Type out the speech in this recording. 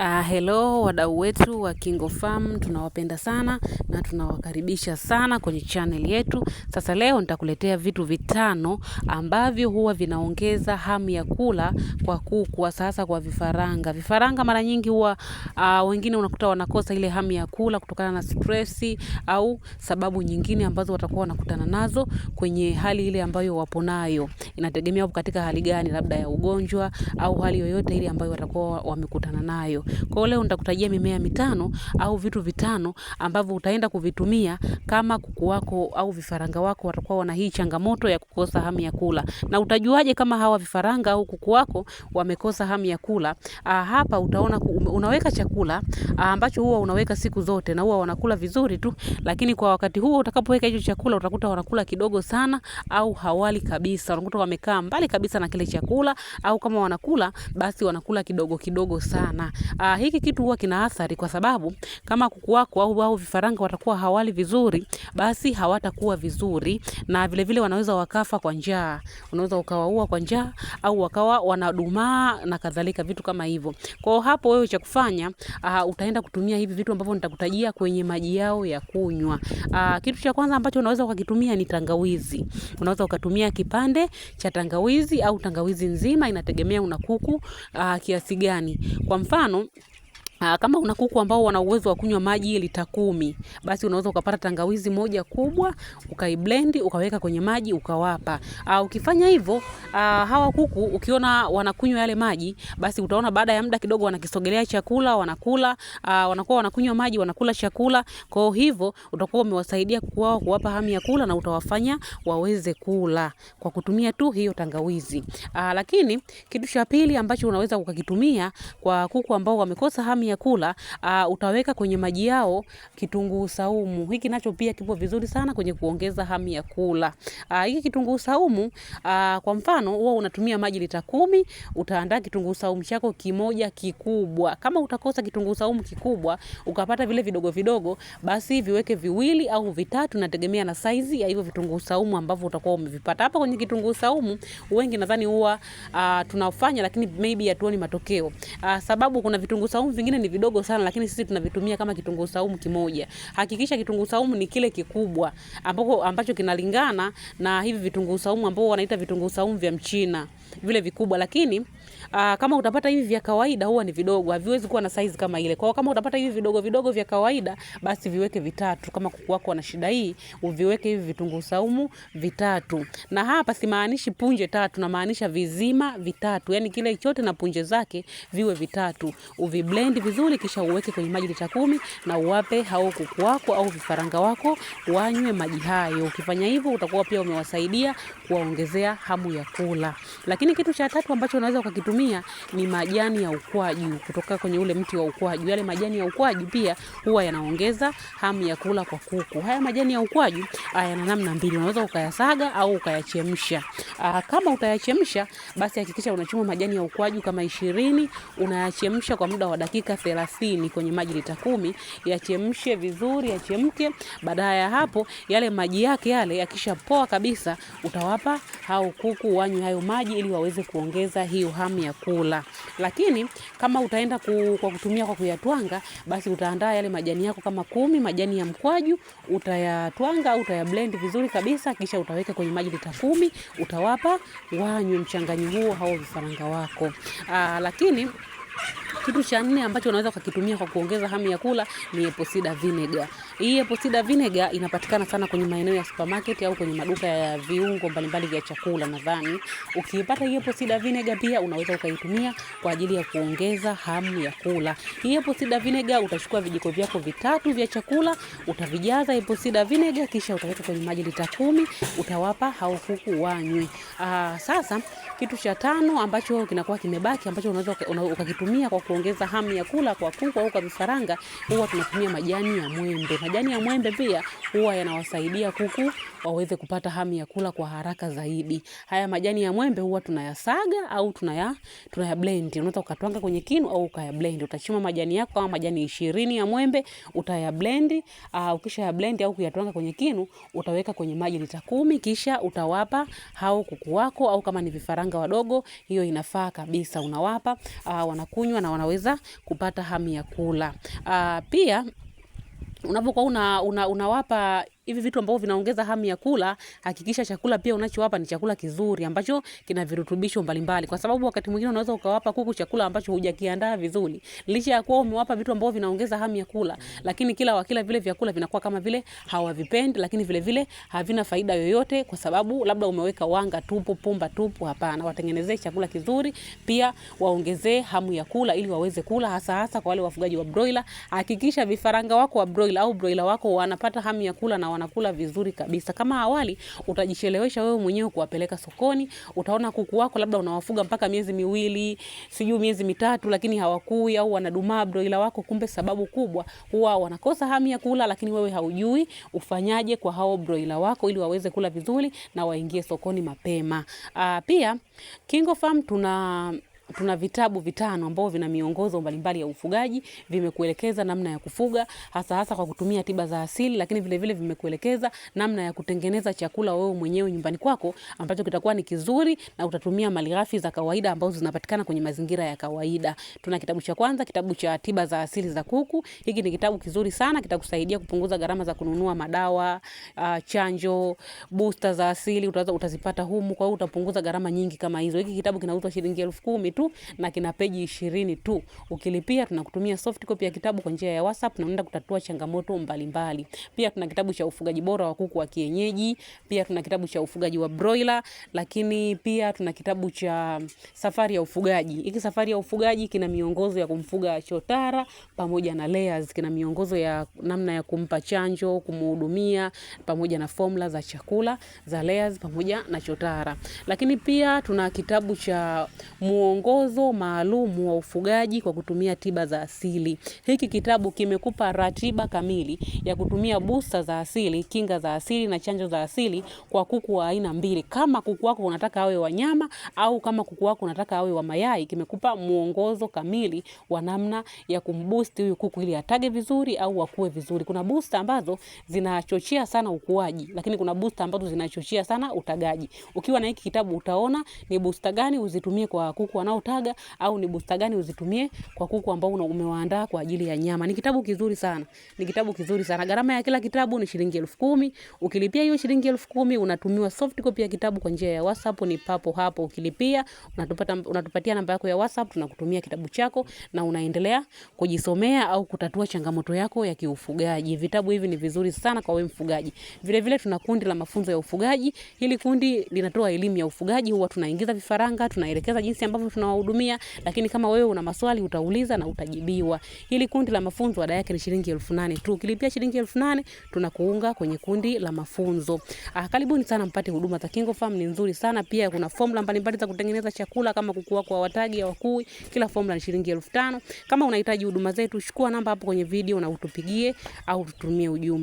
Uh, hello wadau wetu wa Farm, tunawapenda sana na tunawakaribisha sana kwenye channel yetu. Sasa leo nitakuletea vitu vitano ambavyo huwa vinaongeza hamu ya kula kwa kuku, sasa kwa vifaranga. Vifaranga mara nyingi huwa uh, wengine unakuta wanakosa ile hamu ya kula kutokana na stress au sababu nyingine ambazo watakuwa wanakutana nazo kwenye hali ile ambayo wapo nayo. Inategemea katika hali gani, labda ya ugonjwa au hali yoyote ile ambayo watakuwa wamekutana nayo. Kwa hiyo leo nitakutajia mimea mitano au vitu vitano ambavyo utaenda kuvitumia kama kuku wako au vifaranga wako watakuwa wana hii changamoto ya kukosa hamu ya kula. Na utajuaje kama hawa vifaranga au kuku wako wamekosa hamu ya kula? Ah, hapa utaona unaweka chakula ah, ambacho huwa unaweka siku zote na huwa wanakula vizuri tu, lakini kwa wakati huo utakapoweka hicho chakula utakuta wanakula kidogo sana au hawali kabisa. Unakuta wamekaa mbali kabisa na kile chakula au kama wanakula basi wanakula kidogo kidogo sana. Uh, hiki kitu huwa kina athari kwa sababu kama kuku wako au au vifaranga watakuwa hawali vizuri, basi hawatakuwa vizuri na vile vile wanaweza wakafa kwa njaa. Unaweza ukawaua kwa njaa au wakawa wanadumaa na kadhalika vitu kama hivyo. Kwa hapo wewe cha kufanya, uh, utaenda kutumia hivi vitu ambavyo nitakutajia kwenye maji yao ya kunywa. Uh, kitu cha kwanza ambacho unaweza ukakitumia ni tangawizi. Unaweza ukatumia kipande cha tangawizi au tangawizi nzima, inategemea una kuku uh, kiasi gani. Kwa mfano இருக்கும் Aa, ah, Kama una kuku ambao wana uwezo wa kunywa maji lita kumi, basi unaweza ukapata tangawizi moja kubwa ukaiblend ukaweka kwenye maji ukawapa. Aa, ah, ukifanya hivyo ah, hawa kuku ukiona wanakunywa yale maji, basi utaona baada ya muda kidogo wanakisogelea chakula wanakula, Aa, wanakuwa wanakunywa maji wanakula chakula. Kwa hivyo utakuwa umewasaidia kuku wao kuwapa hamu ya kula na utawafanya waweze kula kwa kutumia tu hiyo tangawizi. Aa, lakini kitu cha pili ambacho unaweza ukakitumia kwa kuku ambao wamekosa hamu ya kula uh, utaweka kwenye maji yao kitunguu saumu. Hiki nacho pia kipo vizuri sana kwenye kuongeza hamu ya kula. Uh, hiki kitunguu saumu uh, kwa mfano huwa unatumia maji lita kumi, utaandaa kitunguu saumu chako kimoja kikubwa. Kama utakosa kitunguu saumu kikubwa ukapata vile vidogo vidogo, basi viweke viwili au vitatu, nategemea na saizi ya hivyo vitunguu saumu ambavyo utakuwa umevipata. Hapa kwenye kitunguu saumu wengi nadhani huwa uh, tunafanya lakini maybe hatuoni matokeo. Uh, sababu kuna vitunguu saumu vingine ni vidogo sana, lakini sisi tunavitumia kama kitunguu saumu kimoja. Hakikisha kitunguu saumu ni kile kikubwa ambako ambacho kinalingana na hivi vitunguu saumu ambao wanaita vitunguu saumu vya mchina vile vikubwa, lakini aa, ah, kama utapata hivi vya kawaida huwa ni vidogo, haviwezi kuwa na size kama ile. Kwa kama utapata hivi vidogo vidogo vya kawaida, basi viweke vitatu. Kama kuku wako wana shida hii, uviweke hivi vitunguu saumu vitatu. Na hapa simaanishi punje tatu, namaanisha vizima vitatu, yani kile chote na punje zake viwe vitatu, uviblend vizuri, kisha uweke kwenye maji lita kumi na uwape hao kuku wako au vifaranga wako wanywe maji hayo. Ukifanya hivyo, utakuwa pia umewasaidia kuwaongezea hamu ya kula. Lakini kitu cha tatu ambacho unaweza ukakitumia ni majani ya ukwaju kutoka kwenye ule mti wa ukwaju. Yale majani ya ukwaju pia huwa yanaongeza hamu ya kula kwa kuku. Haya majani ya ukwaju ah, yana namna mbili, unaweza ukayasaga au ukayachemsha. Ah, kama utayachemsha, basi hakikisha unachuma majani ya ukwaju kama ishirini, unayachemsha kwa muda wa dakika dakika 30 kwenye maji lita kumi, yachemshe vizuri, yachemke. Baada ya hapo, yale maji yake yale yakishapoa kabisa, utawapa hao kuku wanywe hayo maji ili waweze kuongeza hiyo hamu ya kula. Lakini kama utaenda ku, kwa kutumia kwa kuyatwanga, basi utaandaa yale majani yako kama kumi, majani ya mkwaju utayatwanga au utayablend vizuri kabisa, kisha utaweka kwenye maji lita kumi, utawapa wanywe mchanganyo huo hao vifaranga wako. Aa, ah, lakini kitu cha nne ambacho unaweza ukakitumia kwa kuongeza hamu ya kula ni apple cider vinegar. Hii apple cider vinegar inapatikana sana kwenye maeneo ya supermarket au kwenye maduka ya viungo mbalimbali vya chakula nadhani. Ukipata hii apple cider vinegar pia unaweza ukaitumia kwa ajili ya kuongeza hamu ya kula. Hii apple cider vinegar utachukua vijiko vyako vitatu vya chakula, utavijaza apple cider vinegar kisha utaweka kwenye maji lita kumi, utawapa hao kuku wanywe. Ah, sasa kitu cha tano ambacho kinakuwa kimebaki ambacho unaweza una, ukakitumia kwa kuongeza hamu ya kula kwa kuku au kwa vifaranga, huwa tunatumia majani ya mwembe majani ya mwembe pia huwa yanawasaidia kuku waweze kupata hamu ya kula kwa haraka zaidi. Haya majani ya mwembe huwa tunayasaga au tunaya tunaya blend. Unaweza ukatwanga kwenye kinu au ukaya blend. Utachuma majani yako kama majani ishirini ya mwembe utaya blend. Uh, ah, ukisha ya blend au kuyatwanga kwenye kinu utaweka kwenye maji lita kumi kisha utawapa hao kuku wako au kama ni vifaranga wadogo, hiyo inafaa kabisa unawapa. Uh, wanakunywa na wanaweza kupata hamu ya kula. Uh, pia unapokuwa una, una, unawapa hivi vitu ambavyo vinaongeza hamu ya kula, hakikisha chakula pia unachowapa ni chakula kizuri ambacho kina virutubisho mbalimbali, kwa sababu wakati mwingine unaweza ukawapa kuku chakula ambacho hujakiandaa vizuri, licha ya kuwa umewapa vitu ambavyo vinaongeza hamu ya kula, lakini kila wakila vile vyakula vinakuwa kama vile hawavipendi, lakini vile vile havina faida yoyote, kwa sababu labda umeweka wanga tupu, pumba tupu. Hapana, watengenezee chakula kizuri, pia waongezee hamu ya kula ili waweze kula, hasa hasa kwa wale wafugaji wa broiler. Hakikisha vifaranga wako wa broiler au broiler wako wanapata hamu ya kula na wanakula vizuri kabisa. Kama awali utajichelewesha wewe mwenyewe kuwapeleka sokoni, utaona kuku wako labda unawafuga mpaka miezi miwili, sijui miezi mitatu, lakini hawakui au wanadumaa broila wako, kumbe sababu kubwa huwa wanakosa hamu ya kula, lakini wewe haujui ufanyaje kwa hao broila wako ili waweze kula vizuri na waingie sokoni mapema. Aa, ah, pia Kingo Farm tuna tuna vitabu vitano ambavyo vina miongozo mbalimbali ya ufugaji, vimekuelekeza namna ya kufuga hasa hasa kwa kutumia tiba za asili, lakini vile vile vimekuelekeza namna ya kutengeneza chakula wewe mwenyewe nyumbani kwako ambacho kitakuwa ni kizuri na utatumia malighafi za kawaida ambazo zinapatikana kwenye mazingira ya kawaida. Tuna kitabu cha kwanza, kitabu cha tiba za asili za kuku. Hiki ni kitabu kizuri sana, kitakusaidia kupunguza gharama za kununua madawa, uh, chanjo, booster za asili utazipata humu, kwa hiyo utapunguza gharama nyingi kama hizo. Hiki kitabu kinauzwa shilingi elfu kumi tu na kina peji ishirini tu. Ukilipia tunakutumia soft copy ya kitabu kwa njia ya WhatsApp na unaenda kutatua changamoto mbalimbali. mbali. Pia tuna kitabu cha ufugaji bora wa kuku wa kienyeji, pia tuna kitabu cha ufugaji wa broiler, lakini pia tuna kitabu cha safari ya ufugaji. Hiki safari ya ufugaji kina miongozo ya kumfuga chotara pamoja na layers, kina miongozo ya namna ya kumpa chanjo, kumhudumia pamoja na formula za chakula za layers pamoja na chotara. Lakini pia tuna kitabu cha muongozo mwongozo maalum wa ufugaji kwa kutumia tiba za asili. Hiki kitabu kimekupa ratiba kamili ya kutumia busta za asili, kinga za asili na chanjo za asili kwa kuku wa aina mbili. Kama kuku wako unataka awe wa nyama au kama kuku wako unataka awe wa mayai, kimekupa mwongozo kamili wa namna ya kumboost huyu kuku ili atage vizuri au akue vizuri. Kuna busta ambazo zinachochea sana ukuaji, lakini kuna busta ambazo zinachochea sana utagaji. Ukiwa na hiki kitabu utaona ni busta gani uzitumie kwa kuku wanao unaotaga au ni busta gani uzitumie kwa kuku ambao umewaandaa kwa ajili ya nyama. Ni kitabu kizuri sana. Ni kitabu kizuri sana. Gharama ya kila kitabu ni shilingi elfu kumi. Ukilipia hiyo shilingi elfu kumi unatumiwa soft copy ya kitabu kwa njia ya WhatsApp ni papo hapo. Ukilipia unatupata, unatupatia namba yako ya WhatsApp tunakutumia kitabu chako na unaendelea kujisomea au kutatua changamoto yako ya kiufugaji. Vitabu hivi ni vizuri sana kwa wewe mfugaji. Vile vile tuna kundi la mafunzo ya ufugaji. Hili kundi linatoa elimu ya ufugaji, huwa tunaingiza vifaranga, tunaelekeza jinsi ambavyo tunawahudumia, lakini kama wewe una maswali utauliza na utajibiwa. Hili kundi la mafunzo ada yake ni shilingi elfu nane tu. Ukilipia shilingi elfu nane tunakuunga kwenye kundi la mafunzo. Ah, karibuni sana mpate huduma za KingoFarm ni nzuri sana. Pia kuna formula mbalimbali za kutengeneza chakula kama kuku wako ya hawakui, kila formula ni shilingi elfu tano. Kama unahitaji huduma zetu, chukua namba hapo kwenye video na utupigie au tutumie ujumbe.